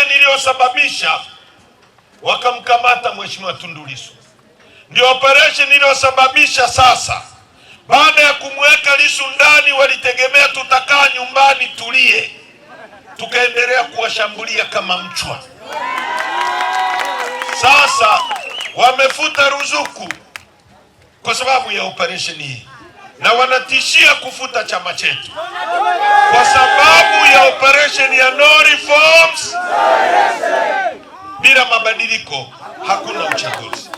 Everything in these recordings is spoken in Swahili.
operation iliyosababisha wakamkamata mheshimiwa Tundu Lissu, ndio operation iliyosababisha sasa, baada ya kumweka Lissu ndani, walitegemea tutakaa nyumbani tulie, tukaendelea kuwashambulia kama mchwa. Sasa wamefuta ruzuku kwa sababu ya operation hii na wanatishia kufuta chama chetu kwa sababu ya operation ya no reforms bila mabadiliko hakuna uchaguzi.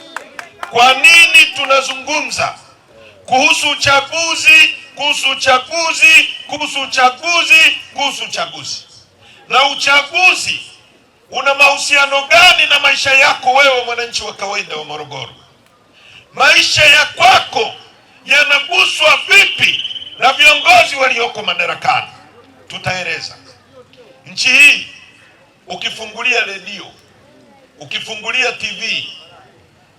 Kwa nini tunazungumza kuhusu uchaguzi, kuhusu uchaguzi, kuhusu uchaguzi, kuhusu uchaguzi? Na uchaguzi una mahusiano gani na maisha yako wewe, mwananchi wa kawaida wa Morogoro? Maisha ya kwako yanaguswa vipi na viongozi walioko madarakani? Tutaeleza. Nchi hii ukifungulia redio Ukifungulia TV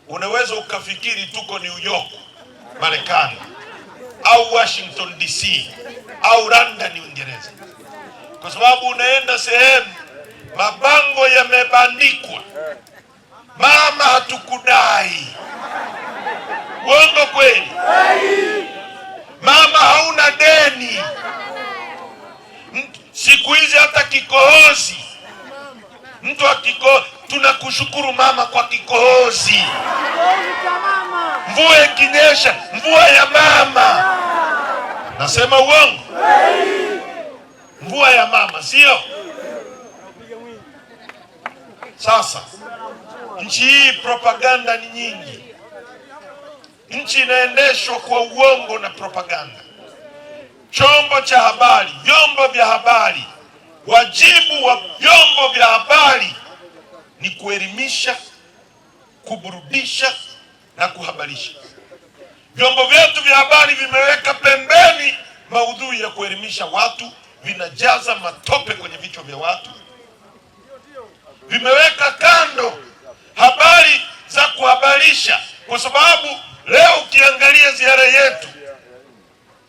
unaweza ukafikiri tuko New York Marekani, au Washington DC, au London Uingereza, kwa sababu unaenda sehemu mabango yamebandikwa, mama hatukudai. Uongo kweli? Mama hauna deni. Siku hizi hata kikohozi mtu akiko Tunakushukuru mama kwa kikohozi, mvua ikinyesha, mvua ya mama. Nasema uongo? Mvua ya mama, sio? Sasa nchi hii propaganda ni nyingi, nchi inaendeshwa kwa uongo na propaganda. Chombo cha habari, vyombo vya habari, wajibu wa vyombo vya habari kuelimisha, kuburudisha na kuhabarisha. Vyombo vyetu vya habari vimeweka pembeni maudhui ya kuelimisha watu, vinajaza matope kwenye vichwa vya watu, vimeweka kando habari za kuhabarisha, kwa sababu leo ukiangalia ziara yetu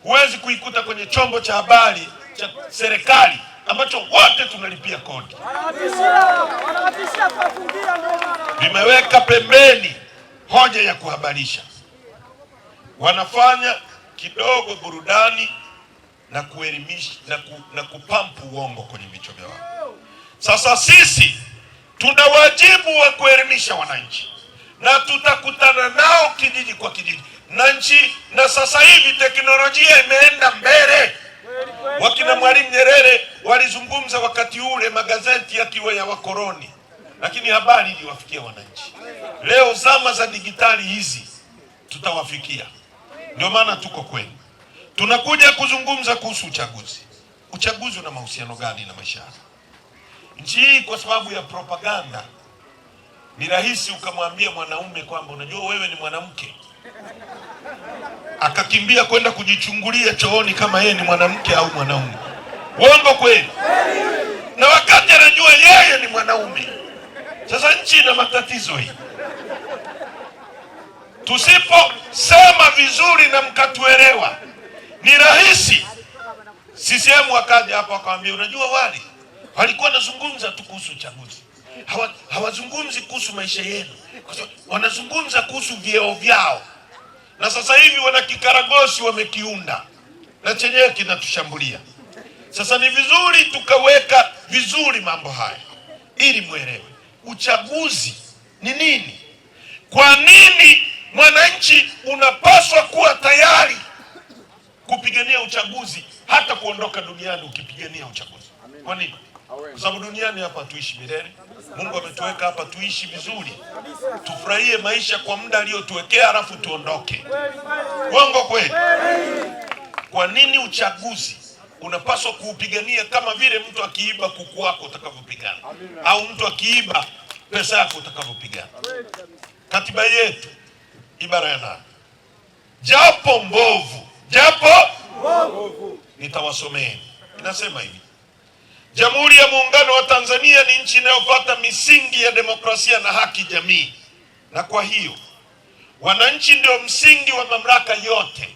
huwezi kuikuta kwenye chombo cha habari cha serikali ambacho wote tunalipia kodi, vimeweka pembeni hoja ya kuhabarisha, wanafanya kidogo burudani na kuelimisha na, ku, na kupampu uongo kwenye vichwa vyao. Sasa sisi tuna wajibu wa kuelimisha wananchi na tutakutana nao kijiji kwa kijiji na nchi. Na sasa hivi teknolojia imeenda mbele, wakina Mwalimu Nyerere Walizungumza wakati ule magazeti yakiwa ya wakoloni, lakini habari iliwafikia wananchi. Leo zama za digitali hizi tutawafikia, ndio maana tuko kwenu. Tunakuja kuzungumza kuhusu uchaguzi. Uchaguzi una mahusiano gani na maisha yako? Nchi hii kwa sababu ya propaganda ni rahisi ukamwambia mwanaume kwamba unajua wewe ni mwanamke, akakimbia kwenda kujichungulia chooni kama yeye ni mwanamke au mwanaume. Uongo kweli? Na wakati anajua yeye ni mwanaume. Sasa nchi ina matatizo hii. Tusiposema vizuri na mkatuelewa, ni rahisi CCM wakaja hapa wakawambia, unajua wali walikuwa wanazungumza tu kuhusu uchaguzi, hawazungumzi kuhusu maisha yenu, wanazungumza kuhusu vyeo vyao, na sasa hivi wana kikaragosi wamekiunda, na chenyewe kinatushambulia. Sasa ni vizuri tukaweka vizuri mambo haya ili mwelewe uchaguzi ni nini. Kwa nini mwananchi unapaswa kuwa tayari kupigania uchaguzi, hata kuondoka duniani ukipigania uchaguzi? Kwa nini? Kwa sababu duniani hapa hatuishi milele. Mungu ametuweka hapa tuishi vizuri, tufurahie maisha kwa muda aliyotuwekea, alafu tuondoke. Uongo kweli? Kwa nini uchaguzi unapaswa kuupigania kama vile mtu akiiba kuku wako utakavyopigana, au mtu akiiba pesa yako utakavyopigana. Katiba yetu ibara ya nane, japo mbovu, japo mbovu, nitawasomeni inasema hivi: Jamhuri ya Muungano wa Tanzania ni nchi inayofuata misingi ya demokrasia na haki jamii, na kwa hiyo wananchi ndio msingi wa mamlaka yote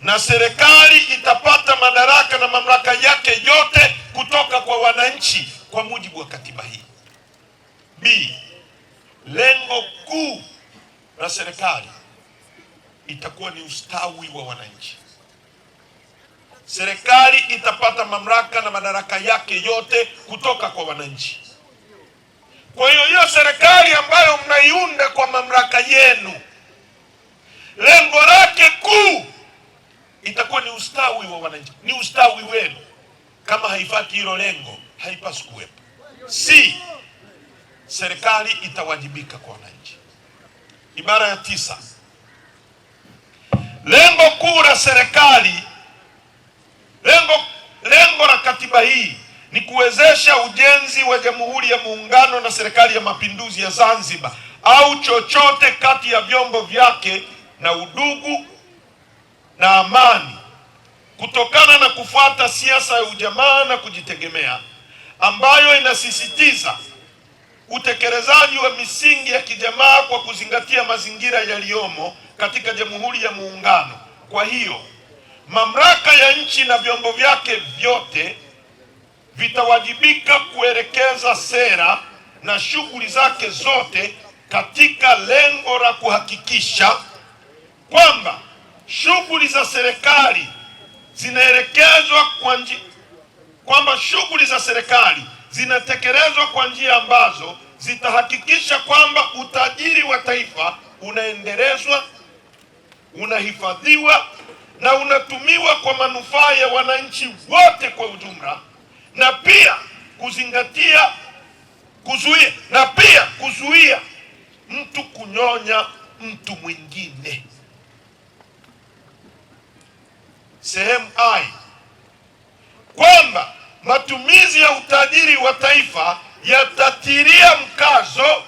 na serikali itapata madaraka na mamlaka yake yote kutoka kwa wananchi kwa mujibu wa katiba hii. B, lengo kuu la serikali itakuwa ni ustawi wa wananchi. Serikali itapata mamlaka na madaraka yake yote kutoka kwa wananchi. Kwa hiyo hiyo serikali ambayo mnaiunda kwa mamlaka yenu, lengo lake kuu itakuwa ni ustawi wa wananchi, ni ustawi wenu. Kama haifati hilo lengo, haipasi kuwepo. Si serikali itawajibika kwa wananchi. Ibara ya tisa, lengo kuu la serikali, lengo lengo la katiba hii ni kuwezesha ujenzi wa Jamhuri ya Muungano na Serikali ya Mapinduzi ya Zanzibar au chochote kati ya vyombo vyake na udugu na amani kutokana na kufuata siasa ya ujamaa na kujitegemea ambayo inasisitiza utekelezaji wa misingi ya kijamaa kwa kuzingatia mazingira yaliyomo katika Jamhuri ya Muungano. Kwa hiyo, mamlaka ya nchi na vyombo vyake vyote vitawajibika kuelekeza sera na shughuli zake zote katika lengo la kuhakikisha kwamba shughuli za serikali zinaelekezwa kwa njia kwamba shughuli za serikali zinatekelezwa kwa njia ambazo zitahakikisha kwamba utajiri wa taifa unaendelezwa, unahifadhiwa na unatumiwa kwa manufaa ya wananchi wote kwa ujumla, na pia kuzingatia kuzuia, na pia kuzuia mtu kunyonya mtu mwingine. sehemu ai kwamba matumizi ya utajiri wa taifa yatatiria mkazo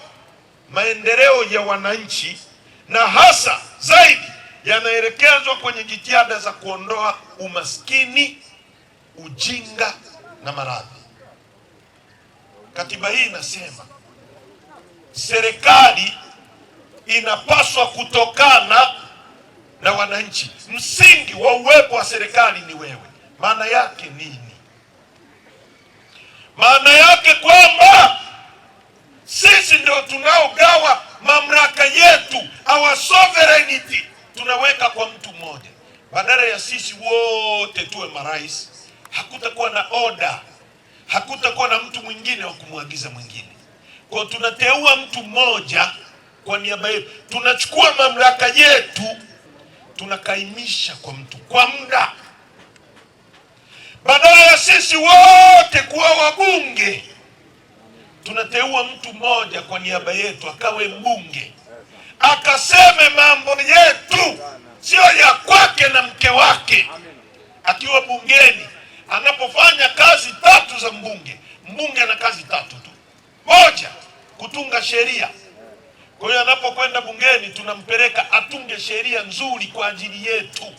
maendeleo ya wananchi na hasa zaidi yanaelekezwa kwenye jitihada za kuondoa umaskini, ujinga na maradhi. Katiba hii inasema serikali inapaswa kutokana na wananchi. Msingi wa uwepo wa serikali ni wewe. Maana yake nini? Maana yake kwamba sisi ndio tunaogawa mamlaka yetu, our sovereignty tunaweka kwa mtu mmoja, badala ya sisi wote tuwe marais. Hakutakuwa na oda, hakutakuwa na mtu mwingine wa kumwagiza mwingine. Kwa tunateua mtu mmoja kwa niaba yetu, tunachukua mamlaka yetu tunakaimisha kwa mtu kwa muda, badala ya sisi wote kuwa wabunge, tunateua mtu mmoja kwa niaba yetu akawe mbunge, akaseme mambo yetu, sio ya kwake na mke wake. Akiwa bungeni, anapofanya kazi tatu za mbunge, mbunge ana kazi tatu tu: moja, kutunga sheria kwa hiyo anapokwenda bungeni tunampeleka atunge sheria nzuri kwa ajili yetu,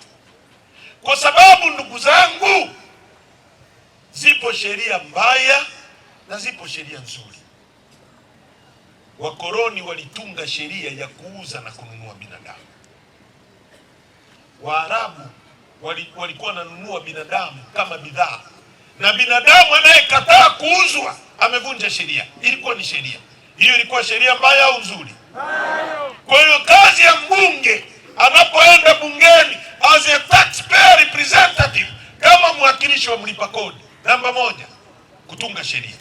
kwa sababu ndugu zangu, zipo sheria mbaya na zipo sheria nzuri. Wakoloni walitunga sheria ya kuuza na kununua binadamu. Waarabu walikuwa wananunua binadamu kama bidhaa, na binadamu anayekataa kuuzwa amevunja sheria. Ilikuwa ni sheria hiyo, ilikuwa sheria mbaya au nzuri? Kwa hiyo kazi ya mbunge anapoenda bungeni as a taxpayer representative, kama mwakilishi wa mlipa kodi, namba moja, kutunga sheria;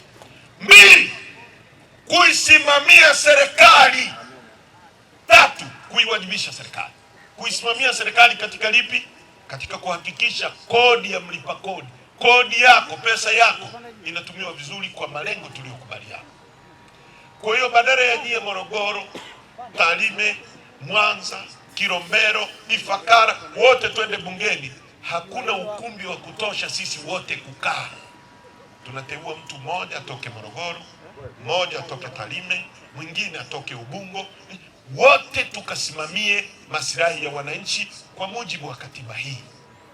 mbili, kuisimamia serikali; tatu, kuiwajibisha serikali. Kuisimamia serikali katika lipi? Katika kuhakikisha kodi ya mlipa kodi, kodi yako, pesa yako inatumiwa vizuri kwa malengo tuliyokubaliana. Kwa hiyo badala ya nyie Morogoro, Tarime, Mwanza, Kilombero, Ifakara wote twende bungeni. Hakuna ukumbi wa kutosha sisi wote kukaa. Tunateua mtu mmoja atoke Morogoro, mmoja atoke Tarime, mwingine atoke Ubungo, wote tukasimamie masilahi ya wananchi kwa mujibu wa katiba hii.